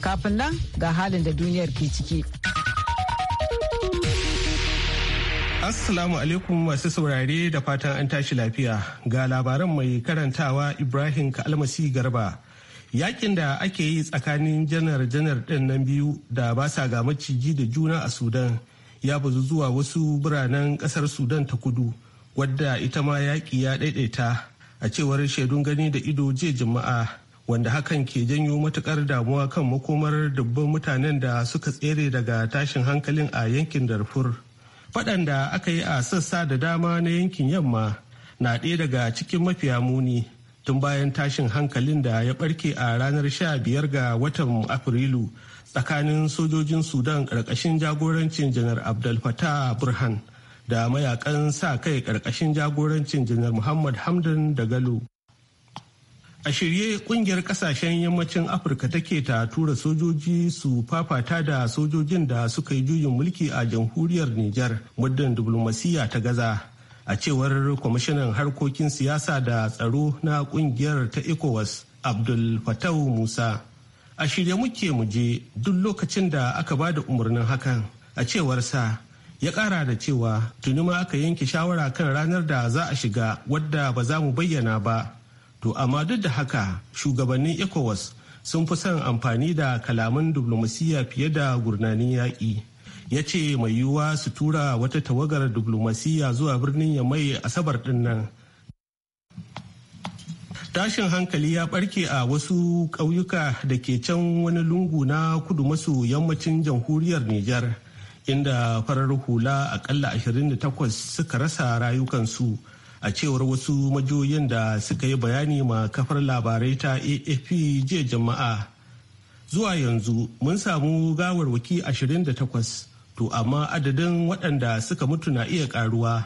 Kafin nan ga halin da duniyar ke ciki. Assalamu alaikum masu saurare da fatan an tashi lafiya ga labaran mai karantawa Ibrahim Kalmasi Garba. Yakin da ake yi tsakanin janar-janar ɗin nan biyu da ba sa ga maciji da juna a Sudan ya bazu zuwa wasu biranen ƙasar Sudan ta kudu wadda ita ma yaƙi ya ɗaiɗaita a cewar shaidun gani da ido jiya Juma'a. wanda hakan ke janyo matukar damuwa kan makomar dubban mutanen da suka tsere daga tashin hankalin a yankin darfur faɗan da aka yi a sassa da dama na yankin yamma na ɗaya daga cikin mafiya muni tun bayan tashin hankalin da ya ɓarke a ranar sha biyar ga watan afrilu tsakanin sojojin sudan ƙarƙashin jagorancin janar abdul fatah burhan da mayakan sa kai ƙarƙashin jagorancin janar muhammad hamdan dagalo a shirye kungiyar kasashen yammacin afirka take ta tura sojoji su fafata da sojojin da suka yi juyin mulki a jamhuriyar niger muddin diplomasiya ta gaza a cewar kwamishinan harkokin siyasa da tsaro na kungiyar ta ecowas abdul fatau musa a shirye muke muje duk lokacin da aka ba da umarnin hakan a cewar sa ya kara da cewa tuni ma aka yanke shawara kan ranar da za a shiga wadda ba za mu bayyana ba to amma duk da haka shugabannin ecowas sun fi son amfani da kalaman diplomasiya fiye da gurnanin yaƙi ya ce mai yiwuwa su tura wata tawagar diplomasiya zuwa birnin ya mai asabar din nan tashin hankali ya barke a wasu ƙauyuka da ke can wani lungu na kudu maso yammacin jamhuriyar nijar inda farar hula akalla 28 suka rasa rayukansu. a cewar wasu majoyin da suka yi bayani ma kafar labarai ta afp jiya jama'a zuwa yanzu mun samu gawarwaki 28 to amma adadin waɗanda suka mutu na iya karuwa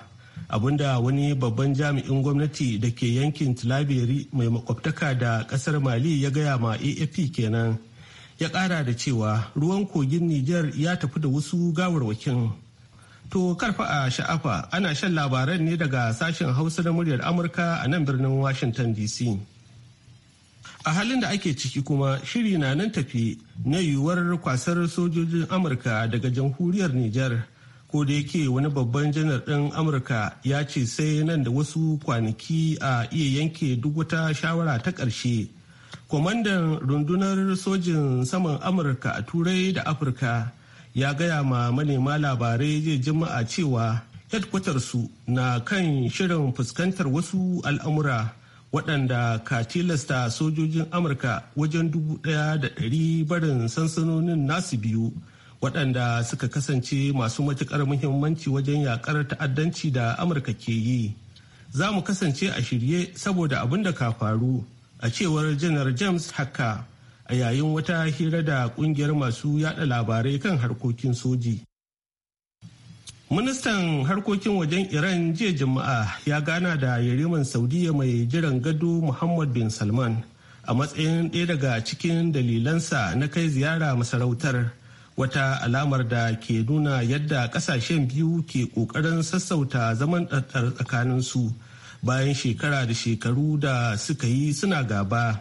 abinda wani babban jami'in gwamnati da ke yankin tilabiri mai makwabtaka da ƙasar mali ya gaya ma afp kenan ya ƙara da cewa ruwan kogin niger ya tafi da wasu gawarwakin To karfa a sha'afa ana shan labaran ne daga sashen hausa na muryar Amurka a nan birnin Washington DC. A halin da ake ciki kuma shiri na nan tafi na yiwuwar kwasar sojojin Amurka daga jamhuriyar Nijar. ko da yake wani babban janar ɗin amurka ya ce sai nan da wasu kwanaki a iya yanke duk wata shawara ta ƙarshe kwamandan rundunar sojin saman amurka a turai da afirka ya gaya ma manema labarai zai jima'a cewa su na kan shirin fuskantar wasu al'amura waɗanda ka tilasta sojojin amurka wajen dubu ɗaya da ɗari barin sansanonin nasu biyu waɗanda suka kasance masu matuƙar muhimmanci wajen yaƙar ta'addanci da amurka ke yi za mu kasance a shirye saboda abin da ka faru a cewar janar james haka a yayin wata hira da kungiyar masu yada labarai kan harkokin soji. Ministan harkokin wajen Iran jiya Juma'a ya gana da yariman Saudiya mai jiran gado Muhammad bin Salman a matsayin ɗaya daga cikin dalilansa na kai ziyara masarautar wata alamar da ke nuna yadda ƙasashen biyu ke ƙoƙarin sassauta zaman tsakaninsu bayan shekara da shekaru da suka yi suna gaba.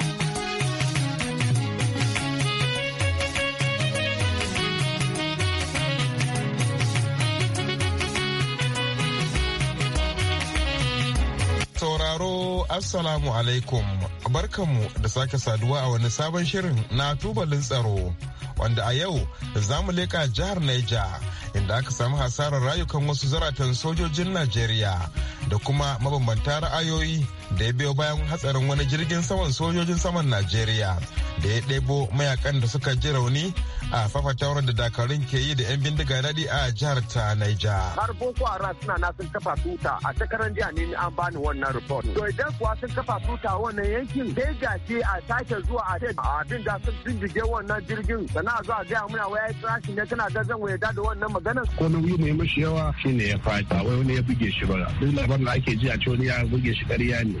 Assalamu alaikum, barkanmu da sake saduwa a wani sabon shirin na tubalin tsaro, wanda a yau za mu leƙa jihar Naija inda aka samu hasarar rayukan wasu zaratan sojojin Najeriya da kuma mabambanta ra'ayoyi da ya biyo bayan hatsarin wani jirgin saman sojojin saman najeriya da ya ɗebo mayakan da suka ji rauni a fafatawar da dakarun ke yi da 'yan bindiga daɗi a jihar ta naija har boko haram suna na sun kafa tuta a takarar jiya ne an bani wannan report to idan kuwa sun kafa tuta wannan yankin sai ce a sake zuwa a ah, abin da sun bindige wannan jirgin sana zuwa gaya muna waya trashi ne tana da zan waya da wannan maganar ko wuyi mai mashi yawa shine ya fata wai wani ya buge shi ba duk labarin da ake ji a ce wani ya buge shi ƙarya ne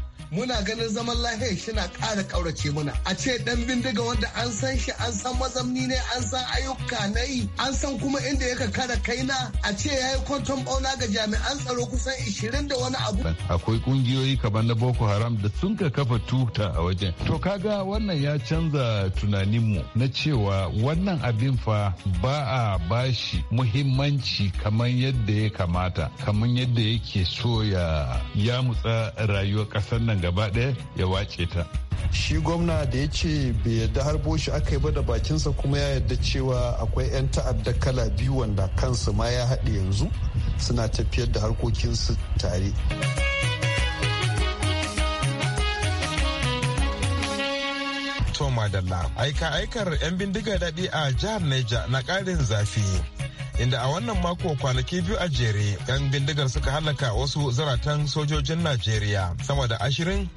muna ganin zaman lafiya shina ƙara ƙaurace muna a ce dan bindiga wanda an san shi an san mazamni ne an san ayyuka na yi an san kuma inda yaka kara kaina a ce ya yi kwanton bauna ga jami'an tsaro kusan 20 da wani abu akwai kungiyoyi kamar na boko haram da sun ka kafa tuta a wajen to kaga wannan ya canza tunaninmu na cewa wannan abin fa ba a bashi muhimmanci kamar yadda ya kamata kamar yadda yake so ya ya mutsa rayuwar ƙasar nan gaba ɗaya ya wace ta shi gwamna da ya ce bai yadda harbo shi aka yi ba da bakinsa kuma ya yadda cewa akwai 'yan ta'adda kala biyu wanda kansu ma ya haɗe yanzu suna tafiyar da harkokinsu tare Madalla aika aikar 'yan bindiga daɗi a jihar Neja na ƙarin zafi inda a wannan mako kwanaki biyu a jere yan bindigar suka halaka wasu zaratan sojojin najeriya sama da ashirin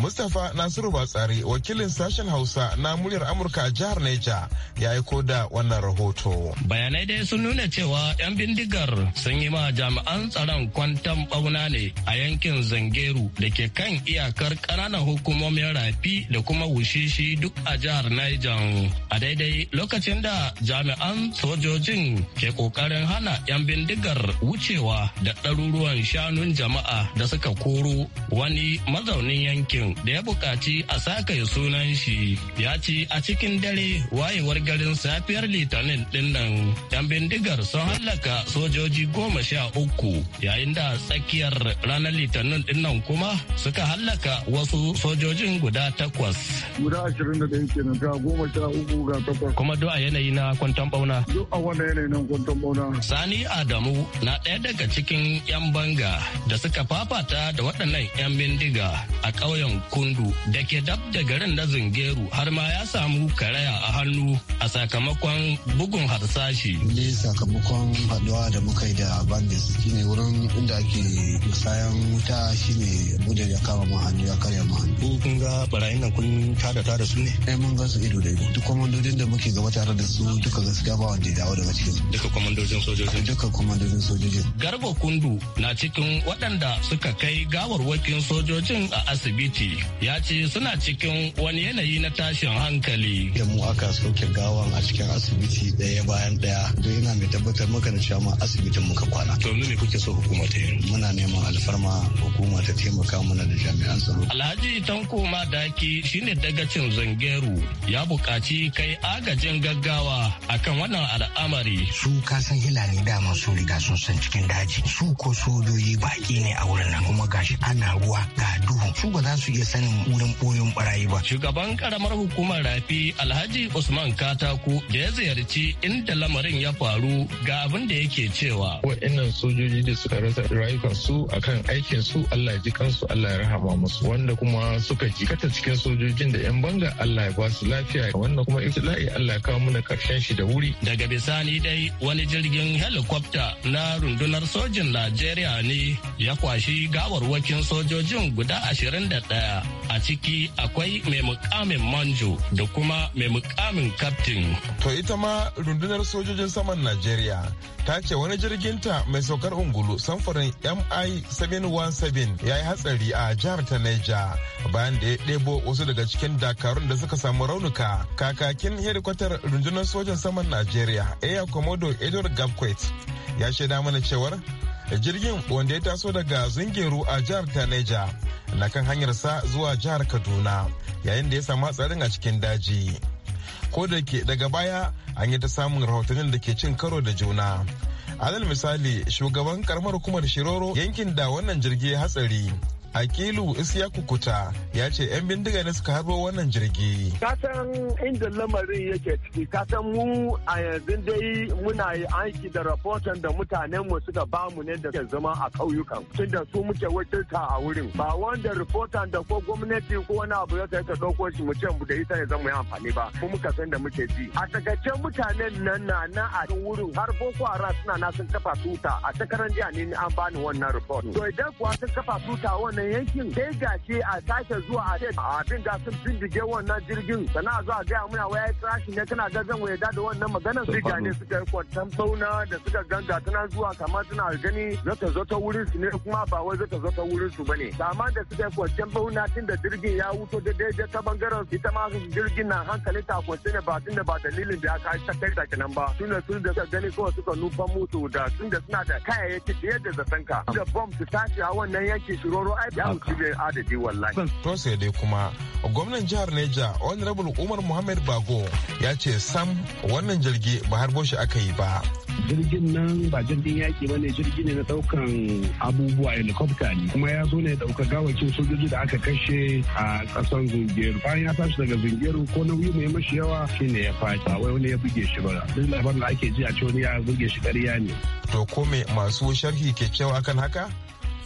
Mustapha Nasiru Batsari wakilin sashen Hausa na muryar Amurka a jihar Neja ya aiko da wannan rahoto. Bayanai dai sun nuna cewa 'yan bindigar sun yi ma jami'an tsaron kwantan bauna ne a yankin Zangeru da ke kan iyakar ƙananan hukumomin rafi da kuma wushishi duk a jihar Niger. A daidai lokacin da jami'an sojojin ke ƙoƙarin hana 'yan bindigar wucewa da ɗaruruwan shanun jama'a da suka koro wani mazaunin yankin Kano da ya buƙaci a ya sunan shi ya ce a cikin dare wayewar garin safiyar litinin dinnan yan bindigar sun hallaka sojoji goma sha uku yayin da tsakiyar ranar litinin dinnan kuma suka hallaka wasu sojojin guda takwas. Guda ashirin da ɗaya kenan ga goma sha uku ga takwas. Kuma duk a yanayi na kwanton bauna. Duk a wannan yanayi na kwanton bauna. Sani Adamu na ɗaya daga cikin 'yan banga da suka fafata da waɗannan 'yan bindiga a ƙauyen kundu da ke dab da garin na zingeru har ma ya samu karaya a hannu a sakamakon bugun harsashi. ne sakamakon haduwa da muka yi da bandits shine wurin inda ake musayan wuta shine bude ya kama mu hannu ya karya mu hannu. kun ga barayin nan kun tada tada su ne. eh mun ga su ido da ido duk kwamandodin da muke gaba tare da su duka gaskiya ba wanda ya dawo daga cikin duka kwamandojin sojojin. duka kwamandojin sojojin. garba kundu na cikin waɗanda suka kai gawarwakin sojojin a asibiti gwamnati ya ce suna cikin wani yanayi na tashin hankali. Da mu aka soke gawan a cikin asibiti ɗaya bayan ɗaya don yana mai tabbatar maka da cewa asibitin muka kwana. To ne kuke so hukuma ta yi? Muna neman alfarma hukuma ta taimaka mana da jami'an tsaro. Alhaji Tanko Madaki shine dagacin Zangeru ya buƙaci kai agajin gaggawa akan wannan al'amari. Su kasan ne dama sun riga sun san cikin daji su ko sojoji baƙi ne a wurin nan kuma gashi ana ruwa ga duhu su ba za su su iya sanin wurin boyon barayi ba. Shugaban karamar hukumar rafi Alhaji Usman Katako da ya ziyarci inda lamarin ya faru ga abin da yake cewa. Wa'innan sojoji da suka rasa rayukansu akan aikin su Allah ya ji kansu Allah ya rahama musu wanda kuma suka jikata cikin sojojin da 'yan banga Allah ya ba su lafiya wannan kuma ibtila'i Allah ya kawo mana karshen shi da wuri. Daga bisani dai wani jirgin helikwafta na rundunar sojin Najeriya ne ya kwashi gawarwakin sojojin guda ashirin da daya a ciki akwai mai mukamin manjo da kuma mai mukamin kaftin. To ita ma rundunar sojojin saman Najeriya ta ce wani jirgin ta mai saukar ungulu samfurin MI-717 ya yi hatsari a jihar ta Neja bayan da ya ɗebo wasu daga cikin dakarun da suka samu raunuka. Kakakin hedikwatar rundunar sojan saman Najeriya Air Commodore Edward Gabquet ya shaida mana cewar jirgin wanda ya taso daga zungeru a jihar taneja na kan hanyarsa zuwa jihar kaduna yayin da ya samu hatsarin a cikin daji ko da ke daga baya an yi ta samun rahotannin da ke cin karo da juna alal misali shugaban karamar hukumar shiroro yankin da wannan jirgi hatsari Akilu Isiyaku kukuta, ya ce 'yan bindiga ne suka harbo wannan jirgi. Kasan inda lamarin yake ciki, kasan mu a yanzu dai muna yi aiki da rahoton da mutanenmu suka bamu ne da zama a ƙauyukan. Tun da su muke wakilta a wurin. Ba wanda rahoton da ko gwamnati ko wani abu ya ta ka ɗauko shi mu ce mu da ita zan mu yi amfani ba. Mu muka san da muke ji. A takaice mutanen nan na na a wurin har Boko Haram suna na sun kafa tuta a takarar jiya ne an bani wannan rahoton. To kuwa sun kafa tuta wannan yankin sai ga ce a sake zuwa a ce a bin sun bindige wannan jirgin sana zuwa gaya muna waya crash ne kana ga zan waya da wannan maganar sai ga ne suka yi kwantan bauna da suka ganga tana zuwa kamar tana gani zata zo ta wurin su ne kuma ba wai zata zo ta wurin su bane amma da suka yi kwantan bauna tun da jirgin ya wuto da daidai ta bangaren ita ma jirgin na hankali ta kwantan ba tun da ba dalilin da aka ta kai ta kenan ba tun da sun da suka gani kawai suka nufa mutu da tun da suna da kayayyaki da yadda zaton da bomb su tashi a wannan yankin shiroro ai ya wuce adadi wallahi. dai kuma gwamnan jihar Neja Honorable Umar Muhammad Bago ya ce sam wannan jirgi ba har shi aka yi ba. jirgin nan ba jirgin yaki ba ne jirgi ne na daukan abubuwa helicopter ne kuma ya zo ne dauka gawakin sojoji da aka kashe a kasan zungeru bayan ya tashi daga zungeru ko nauyi mai mashi yawa shine ya fata wai wani ya buge shi ba duk labarin da ake ji a ce wani ya buge shi ƙarya ne to ko me masu sharhi ke cewa akan haka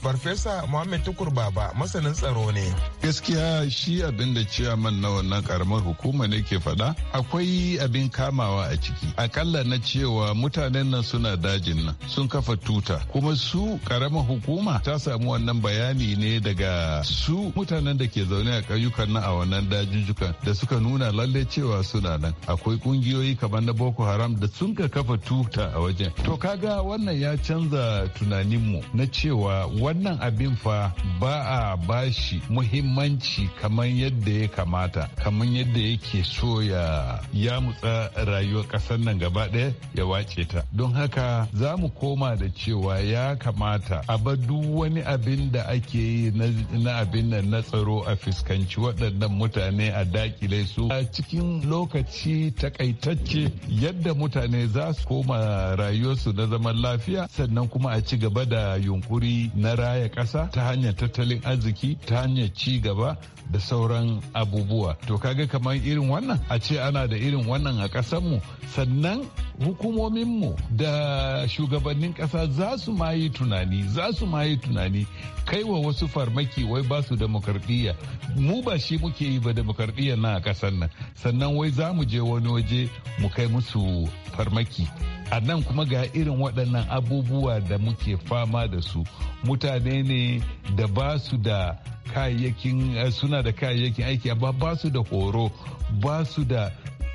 Farfesa Muhammad Tukur Baba masanin tsaro ne. Gaskiya shi abin da ciyaman na wannan karamar hukuma ne ke faɗa akwai abin kamawa a ciki. Akalla na cewa mutanen nan suna dajin nan sun kafa tuta kuma su karamar hukuma ta samu wannan bayani ne daga su mutanen da ke zaune a ƙauyukan nan a wannan dajujjukan da suka nuna lalle cewa suna nan akwai ƙungiyoyi kamar na Boko Haram da sun ka kafa tuta a wajen. To kaga wannan ya canza tunaninmu na cewa wannan abin fa ba a bashi muhimmanci kamar yadda ya kamata kamar yadda yake so ya ya mutsa rayuwar ƙasar nan gaba ɗaya ya wace ta don haka za mu koma da cewa ya kamata a ba duk wani abin da ake yi na abin nan na tsaro a fuskanci waɗannan mutane a dakile su a cikin lokaci takaitacce yadda mutane za su koma rayuwarsu na zaman lafiya sannan kuma a ci gaba da yunkuri na raya kasa ta hanyar tattalin arziki ta hanyar ci gaba da sauran abubuwa to kaga kamar irin wannan a ce ana da irin wannan a ƙasarmu sannan hukumominmu da shugabannin ƙasa za su ma yi tunani za su ma yi tunani kaiwa wasu farmaki wai ba su demokradiyya mu ba shi muke yi ba demokradiyya na a ƙasar nan sannan wai za mu je wani waje mu kai musu farmaki a nan kuma ga irin waɗannan abubuwa da muke fama da su mutane mutane ne da ba su da kayayyakin eh, suna da kayayyakin aiki amma ba su da horo ba su da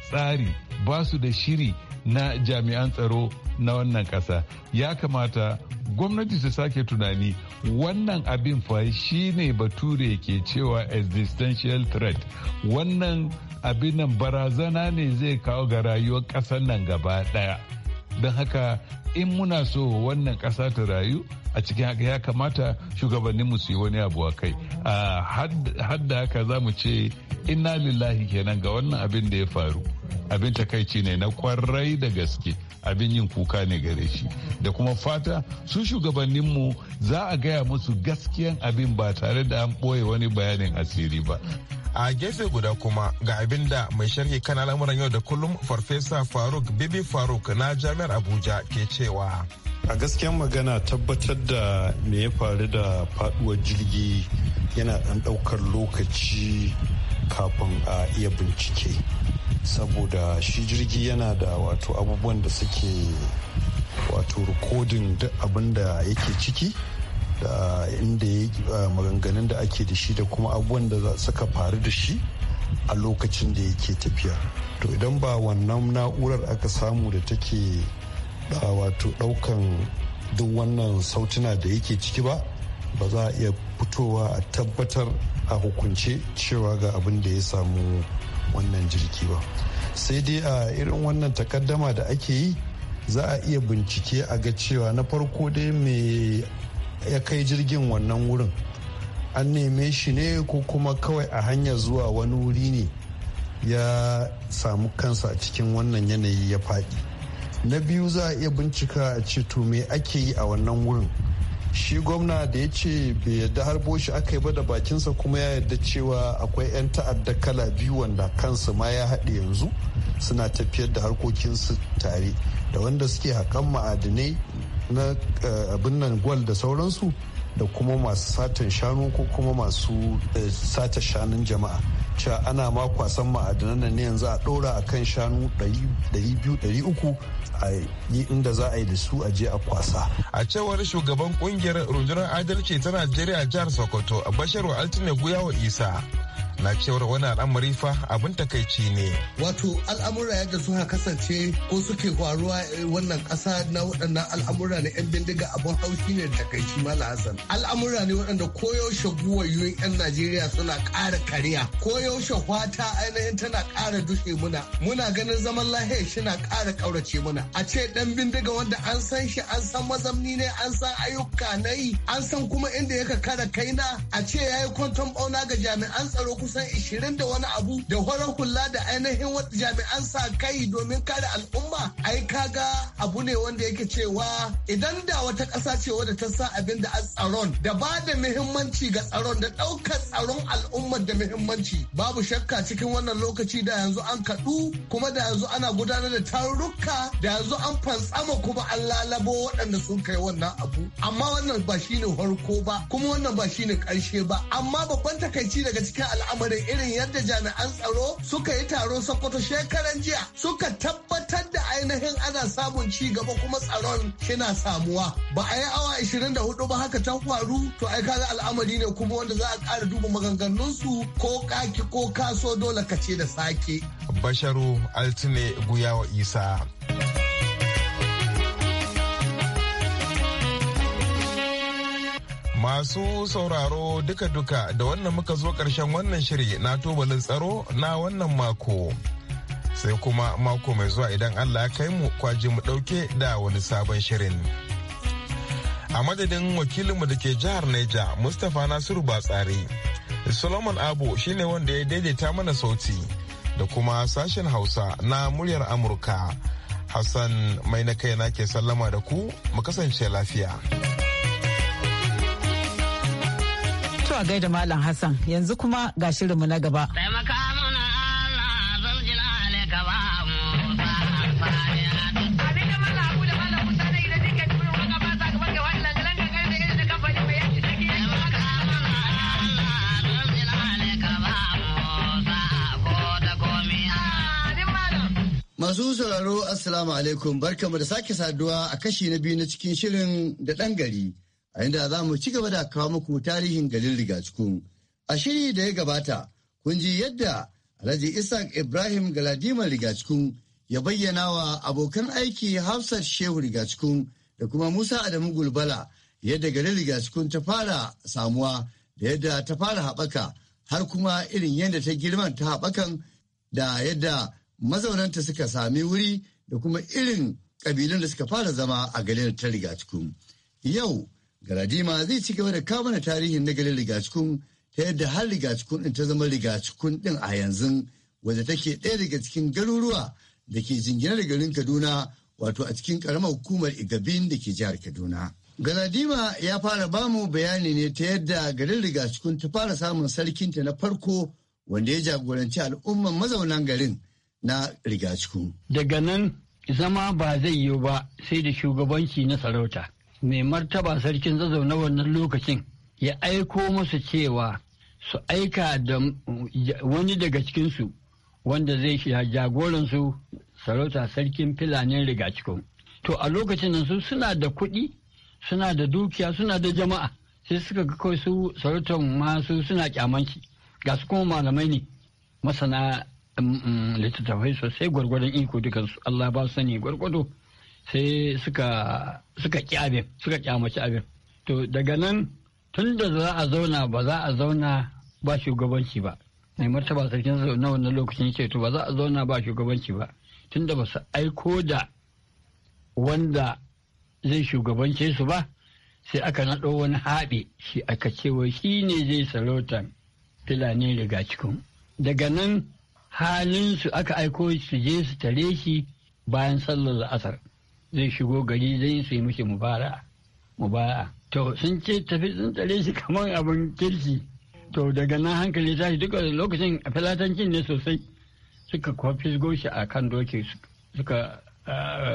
tsari ba su da shiri na jami'an tsaro na wannan ƙasa ya kamata gwamnati su sake tunani wannan abin fa shi ne bature ke cewa existential threat wannan abin nan barazana ne zai kawo ga rayuwar ƙasar nan gaba ɗaya don haka in muna so wannan ƙasa ta rayu a cikin haka ya kamata shugabannin su yi wani abu a kai har da haka za mu ce inna lillahi kenan ga wannan abin da ya faru abin takaici ne na kwarai da gaske abin yin kuka ne gare shi da kuma fata su shugabanninmu za a gaya musu gaskiyan abin ba tare da an ɓoye wani bayanin asiri ba a gefe guda kuma ga abin da mai sharhi kan al'amuran yau da kullum farfesa faruk bibi faruk na jami'ar abuja ke cewa a gaskiyar magana tabbatar da me ya faru da faduwar jirgi yana dan daukar lokaci kafin a iya bincike saboda shi jirgi yana da wato abubuwan da suke wato rikodin duk abin da yake ciki da inda ya eh, maganganun da ake da shi da kuma abubuwan da suka faru da shi a lokacin da yake tafiya to idan ba wannan na'urar aka samu da take da wato daukan duk wannan sautuna da yake ciki ba ba za a iya fitowa a tabbatar a hukunce cewa ga abin da ya samu wannan jirgi ba sai dai a irin wannan takaddama da ake yi za a iya bincike a ga cewa na farko dai me ya kai jirgin wannan wurin an neme shi ne ko kuma kawai a hanya zuwa wani wuri ne ya samu kansa a cikin wannan yanayi ya faɗi na biyu za a iya bincika a ce to me ake yi a wannan wurin shi gwamna da ya ce bai yarda harbo shi aka yi ba da bakinsa kuma ya yadda cewa akwai 'yan ta'adda kala biyu wanda kansu ma ya haɗe yanzu suna tafiyar da harkokinsu tare da wanda suke haƙan ma'adinai na eh, abin nan gwal da sauransu da kuma masu satan shanu ko kuma masu eh, sata shanun jama'a cewa ana ma kwasan ma'adanan nan ne yanzu a ɗora a kan shanu 200-300 a yi inda za a yi da su a je a kwasa. A cewar shugaban kungiyar rundunar adalci ta Najeriya jihar Sokoto, Bashiru Altine Guyawa Isa, na cewar wani al'amari fa abin takaici ne. Wato al'amura yadda suka kasance ko suke faruwa eh, wannan ƙasa na waɗannan al'amura na 'yan bindiga abin haushi ne takaici mala Hassan. Al'amura ne waɗanda koyaushe yiwuwar 'yan Najeriya suna ƙara kariya. Koyaushe fata ainihin tana ƙara dushe muna. Muna ganin zaman lahiya shi na ƙara ƙaurace muna. A ce ɗan bindiga wanda an san shi an san mazamni ne an san ayyuka na yi an san kuma inda yaka kara kaina a ce ya yi kwanton ɓauna ga jami'an tsaro kusa kusan 20 da wani abu da horon hula da ainihin jami'an sa kai domin kare al'umma ai kaga abu ne wanda yake cewa idan da wata ƙasa ce wadda ta sa abin da tsaron da ba da muhimmanci ga tsaron da ɗaukar tsaron al'ummar da muhimmanci babu shakka cikin wannan lokaci da yanzu an kaɗu kuma da yanzu ana gudanar da tarurruka da yanzu an fantsama kuma an lalabo waɗanda sun kai wannan abu amma wannan ba shine farko ba kuma wannan ba shine ƙarshe ba amma babban takaici daga cikin al'amari da irin yadda jami'an tsaro suka yi taron sokoto shekaran jiya suka tabbatar da ainihin ana samun ci gaba kuma tsaron kina samuwa ba a yi awa 24 ba haka ta faru to ai kaga al'amari ne kuma wanda za a ƙara duba maganganunsu ko kaki ko kaso dole ka ce da sake basharu altine guyawa isa Masu sauraro duka-duka da wannan muka zo karshen wannan shiri na tubalin tsaro na wannan mako. Sai kuma mako mai zuwa idan Allah ya kai mu kwaji mu dauke da wani sabon shirin. A madadin wakilinmu da ke jihar Neja, Mustapha Nasiru Batsari. Solomon Abu shine wanda ya daidaita mana sauti da kuma sashen Hausa na muryar Amurka. Hassan mai na kaina ke sallama da ku mu kasance lafiya. zuwa gaida Malam Hassan yanzu kuma ga shirinmu na gaba. Taimaka gaba. Masu sauraro Assalamu alaikum barkamu da sake saduwa a kashi na biyu na cikin shirin da ɗan gari a inda za mu ci gaba da kawo muku tarihin garin cikin. a shiri da ya gabata kun ji yadda alhaji isaac ibrahim galadiman cikin. ya bayyana wa abokan aiki hafsat shehu cikin. da kuma musa adamu gulbala yadda garin cikin ta fara samuwa da yadda ta fara haɓaka har kuma irin yadda ta girman ta haɓakan da yadda mazaunanta suka sami wuri da kuma irin ƙabilun da suka fara zama a garin ta cikin. yau Garadima zai ci gaba da kamana tarihin na riga rigacikun ta yadda har rigacikun ɗin ta zama rigacikun ɗin a yanzu wadda take ɗaya daga cikin garuruwa da ke jingina da garin Kaduna wato a cikin karamar hukumar Igabin da ke jihar Kaduna. Garadima ya fara bamu bayani ne ta yadda garin rigacikun ta fara samun sarkinta na farko wanda ya jagoranci al'umman mazaunan garin na rigacikun. Daga nan zama ba zai yiwu ba sai da shugabanci na sarauta. mai martaba sarkin zazzau na wannan lokacin ya aiko musu cewa su aika da wani daga cikinsu wanda zai shiga jagoransu sarauta sarkin filanin riga cikin. To a lokacin nan su suna da kuɗi, suna da dukiya, suna da jama'a. Sai suka ga kawai su sarautar masu suna kyamanci. Ga su kuma malamai ne masana mm, mm, littattafai sosai gwargwadon iko dukansu. Allah ba su sani gwargwado. sai suka suka abin suka ƙyamaci abin to daga nan tun da za a zauna ba za a zauna ba shugabanci ba mai martaba sarkin na wannan lokacin ce to ba za a zauna ba shugabanci ba tun da ba su aiko da wanda zai shugabance su ba sai aka naɗo wani haɓe shi aka cewa shi ne zai sarautan filanin riga cikin daga nan halin su aka aiko su je su tare shi bayan sallar asar zai shigo gari zai su yi mishi mubara mubara to sun ce tafi sun tsare shi kamar abin kirki to daga nan hankali ta shi duka lokacin a filatancin ne sosai suka kwafi shi a kan doki suka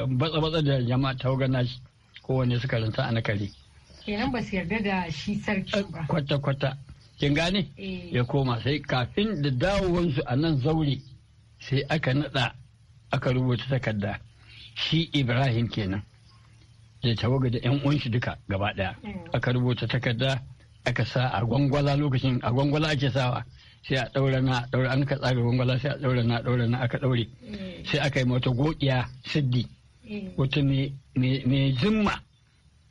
batsa-batsa da jama'a ta gana shi kowane suka ranta a nakali. kenan ba su yarda da shi sarki ba kwata-kwata eh, kin gane eh. ya koma sai kafin da dawowansu a nan zaure sai aka nada aka rubuta takarda shi ibrahim kenan zai tawaga da yan shi duka gaba ɗaya. Mm. aka rubuta takarda aka sa a gwangwala lokacin a gwangwala ake sawa sai a ɗaura na ɗaura an ka tsaga gwangwala sai a ɗaura na ɗaura na aka daure mm. sai aka yi mata godiya siddi mm. wata me zimma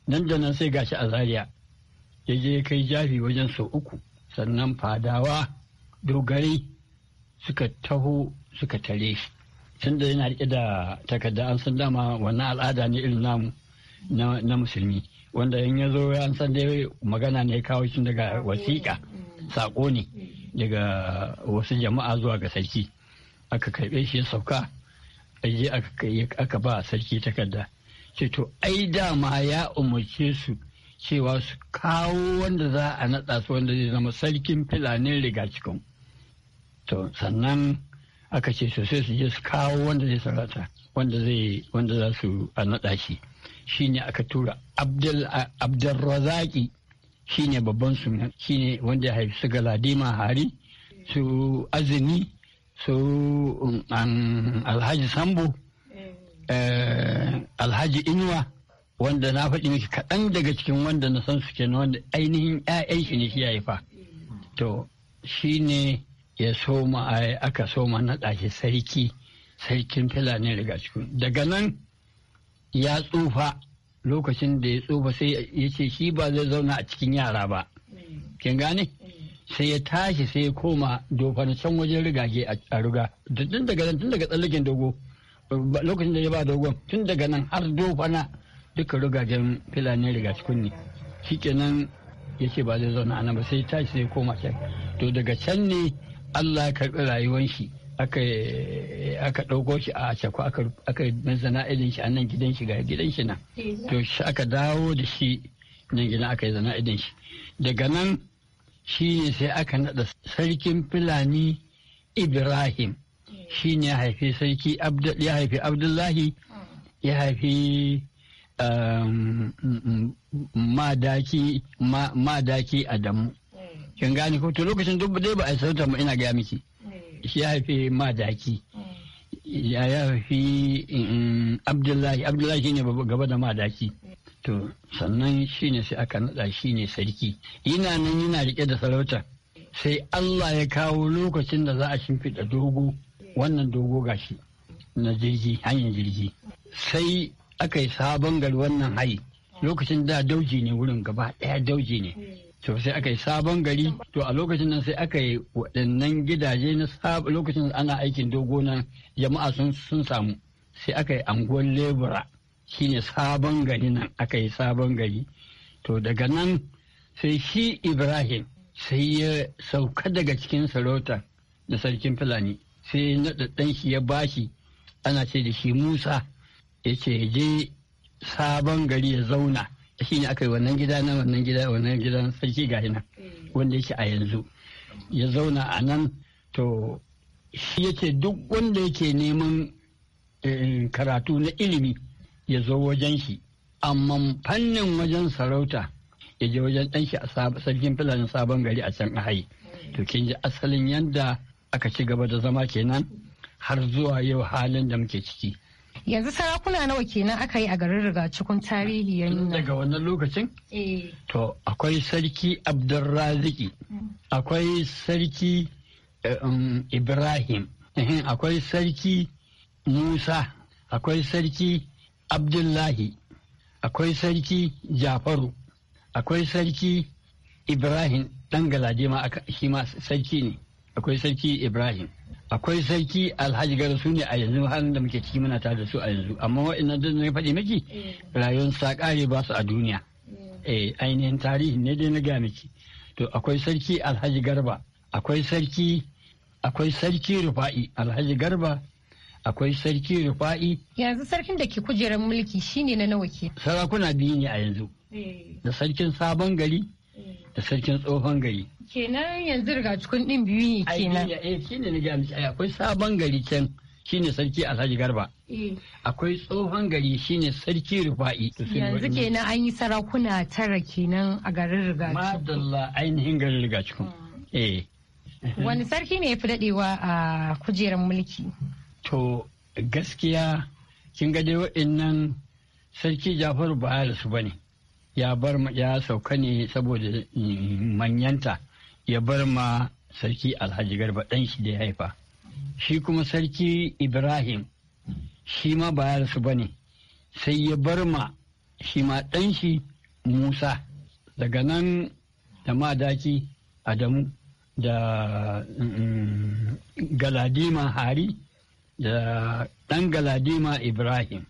nan da nan sai gashi a zaria ya je kai jafi wajen sau uku sannan fadawa dogari suka taho suka tare shi tunda yana riƙe da takarda an san dama wannan al'ada ne irin namu na musulmi wanda in ya zo an san dai magana ne kawo shi daga wasiƙa saƙo ne daga wasu jama'a zuwa ga sarki aka karɓe shi ya sauka aje aka ba sarki takarda ce to ai dama ya umarce su cewa su kawo wanda za a naɗa su wanda zai zama sarkin filanin riga cikin to sannan aka ce sosai su je su kawo wanda zai sarauta wanda zai wanda za su naɗa shi shine aka tura abdul abdulrazaki shine babban shi shine wanda ya haifi su galadima hari su azumi su um, alhaji sambo eh, alhaji inuwa wanda na faɗi miki kaɗan daga cikin wanda na san su kenan wanda ainihin 'ya'yan shi ne shi ya haifa to shine ya soma aka soma na shi sarki sarkin filani daga cikin daga nan ya tsufa lokacin da ya tsufa sai ya ce shi ba zai zauna a cikin yara ba kin gane sai ya tashi sai ya koma na can wajen rigage a ruga tun daga nan tun daga tsallaken dogo lokacin da ya ba dogon tun daga nan har na duka rugagen filani riga cikin ne shikenan ya ce ba zai zauna a nan ba sai ya tashi sai ya koma can to daga can ne Allah ya karɓi rayuwan shi aka ɗauko shi a cakwa aka zana ilin shi a nan gidan shi ga gidan shi nan to shi aka dawo da shi nan gidan aka yi zana ilin shi daga nan shi ne sai aka naɗa sarkin fulani ibrahim shi ne ya haifi sarki ya haifi abdullahi ya haifi um, madaki adamu kin gane ko to lokacin duk dai ba a sauta mu ina ga miki eh. shi ya haifi ma daki eh. ya haifi mm, abdullahi abdullahi shine gaba da ma daki eh. to sannan shine sai aka nada shine sarki yana nan yana rike da sarauta sai Allah ya kawo lokacin da za a shimfiɗa dogo wannan dogo gashi na jirgi hanyar jirgi sai aka yi sabon gari wannan hayi lokacin da dauji ne wurin gaba daya dauji ne to sai aka yi sabon gari to a lokacin nan sai aka yi waɗannan gidaje na lokacin ana aikin dogo nan jama'a sun samu sai aka yi anguwar lebura shine sabon gari nan aka yi sabon gari to daga nan sai shi ibrahim sai ya sauka daga cikin sarauta na sarkin fulani sai naɗaɗɗen shi ya bashi ana ce da shi musa ya ce je sabon gari ya zauna shi ne aka yi wannan gida na wannan gida wannan gidan sarki ga nan wanda yake a yanzu ya zauna a nan to shi yake duk wanda yake neman eh, karatu na ilimi ya zo wajen shi amma fannin wajen sarauta ya je wajen ɗan shi a sarkin filanin sabon gari a can ahayi to kin ji asalin yadda aka ci gaba da zama kenan har zuwa yau halin da muke ciki yanzu sarakuna nawa kenan aka yi a garin rigacikun tarihi ya daga wannan lokacin eh. to akwai sarki abdurraziki akwai sarki eh, um, ibrahim akwai sarki musa akwai sarki abdullahi akwai sarki jafaru akwai sarki ibrahim ɗan ma shi ma sarki ne akwai sarki ibrahim akwai sarki alhaji gara su ne a yanzu har da muke ciki muna tare da su a yanzu amma wa'annan da na faɗi miki eh. rayuwar ƙare ba su a duniya eh, eh ainihin tarihi ne dai na ga miki to akwai sarki alhaji garba akwai sarki akwai sarki rufa'i alhaji garba akwai sarki rufa'i yanzu sarkin da ke kujerar mulki shine na nawa ke sarakuna biyu ne a yanzu eh. da sarkin sabon gari da sarkin tsohon gari. Kenan yanzu riga cikin ɗin biyu ne kenan. Eh shi ne na jami'a akwai sabon gari can shine sarki Alhaji Garba. Eh. Akwai tsohon gari shine sarki Rufa'i. Yanzu kenan an yi sarakuna tara kenan a garin riga cikin. Madalla ainihin garin cikin. Hmm. Eh. Wani sarki ne ya fi daɗewa a kujerar mulki? To gaskiya kin ga dai nan sarki Jafaru ba su ne. ya bar ya sauka ne saboda mm, manyanta ya bar ma sarki alhaji garba ɗan shi da ya haifa shi kuma sarki ibrahim shi ma ba ya rasu ba ne sai ya bar ma shi ma ɗan shi musa daga nan da madaki adamu da mm, galadima hari da ɗan galadima ibrahim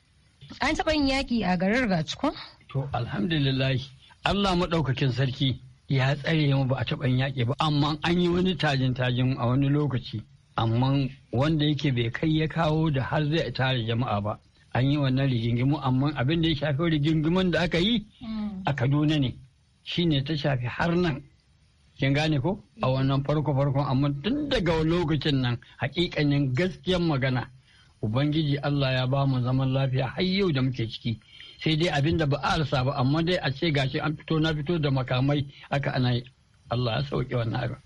an taɓa yin yaƙi a garin gacikon To alhamdulillah Allah maɗaukakin sarki ya tsare mu ba a taɓa yaƙi ba amma an yi wani tajin tajin a wani lokaci amma wanda yake bai kai ya kawo da har zai tare jama'a ba an yi wannan rigingimu amma abin da ya shafi rigingimun da aka yi mm. a Kaduna ne shine ta shafi har nan kin gane ko a wannan farko farkon amma tun daga lokacin nan hakikanin gaskiyar magana ubangiji Allah ya ba mu zaman lafiya har yau da muke ciki sai dai abin da ba a ba amma dai a ce gashi an fito na fito da makamai aka ana yi Allah ya sauke wannan abin.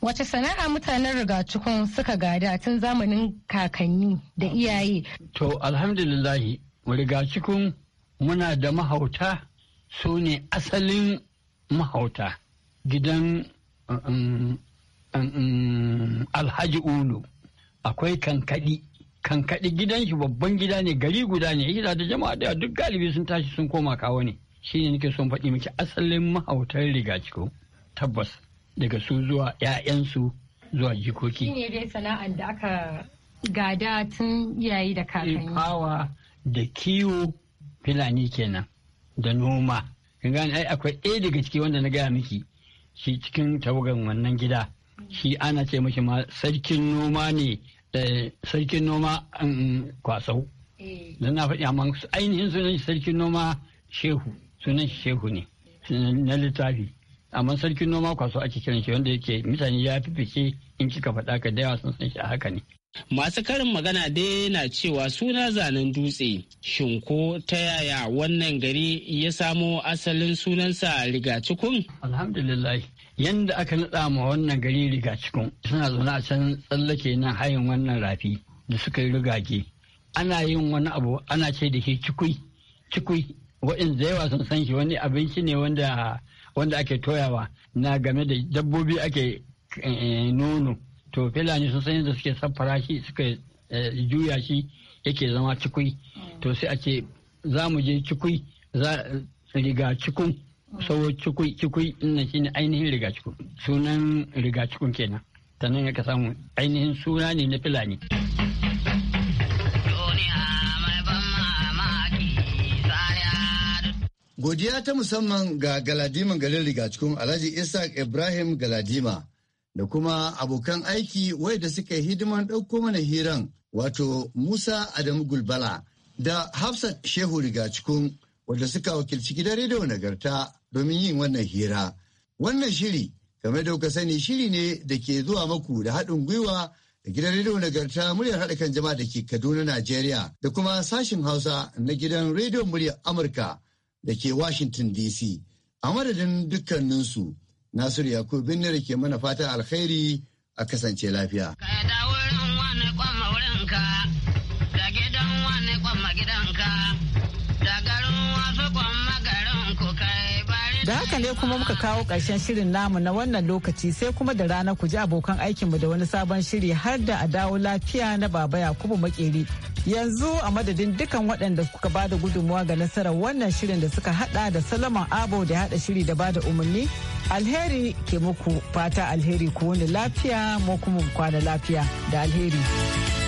Wace sana'a mutanen rigacikun suka gada tun zamanin kakanni da iyaye? To alhamdulillahi rigacikun muna da mahauta su ne asalin mahauta gidan um, um, um, alhaji ulu akwai kankadi kankaɗi gidan shi babban gida ne gari guda ne hira da jama'a da duk galibi sun tashi sun koma kawo ne shine nake son faɗi miki asalin mahautar riga ciko tabbas daga su zuwa 'ya'yansu zuwa jikoki shine dai sana'ar da aka gada tun yayi da kakanni kawa eh, da kiwo filani kenan da noma kin gane ai akwai ɗaya daga ciki wanda na gaya miki shi cikin tawagan wannan gida mm. shi ana ce mashi ma sarkin noma ne Eh, sarkin noma um, kwasau eh. da na faɗi amma ainihin sunan sarkin noma shehu sunan shehu ne na littafi amma sarkin noma kwaso ake kiran shi wanda yake mutane ya fi fice in kika faɗa ka da yawa sun san shi a haka ne. Masu karin magana dai na cewa suna zanen dutse shin ko ta yaya wannan gari ya samo asalin sunansa rigacikun? Alhamdulillah yanda aka naɗa ma wannan gari riga cikin suna zaune a can tsallake na hayin wannan rafi da suka yi rigage ana yin wani abu ana ce da shi cikui cikui waɗin da yawa san shi wani abinci ne wanda wanda ake toyawa na game da dabbobi ake eh, nono to filani sun san yadda suke saffara shi suka eh, juya shi yake zama cikui to sai a ce za mu je cikui riga cikun sau cikui cikui shi ne ainihin rigacikun sunan rigacikun kenan ta nan ka samu ainihin suna ne na filani Godiya ta musamman ga Galadima garin rigacikun Alhaji Isaac Ibrahim Galadima da kuma abokan aiki wai da suka yi hidiman ɗauko mana hiran wato Musa Adamu Gulbala da Hafsat Shehu Rigacikun wadda suka wakilci gidan rediyo nagarta domin yin wannan hira. Wannan shiri, kamar da kuka sani shiri ne da ke zuwa maku da haɗin gwiwa da gidan rediyo nagarta muryar haɗa kan jama'a da ke Kaduna, Najeriya da kuma sashin Hausa na gidan rediyo muryar Amurka da ke Washington DC. A madadin dukkaninsu, Nasiru Yakubu Binne da ke mana fatan alkhairi a kasance lafiya. Ka Da haka ne kuma muka kawo ƙarshen shirin namu na wannan lokaci sai kuma da rana ku ji abokan aikinmu da wani sabon shiri har da a dawo lafiya na baba Yakubu Makeri. Yanzu a madadin dukan waɗanda kuka ba da gudunmuwa ga nasarar wannan shirin da suka hada da Salaman Abo da hada shiri da ba da umarni. Alheri ke muku fata alheri ku wani lafiya mu kuma kwana lafiya da alheri.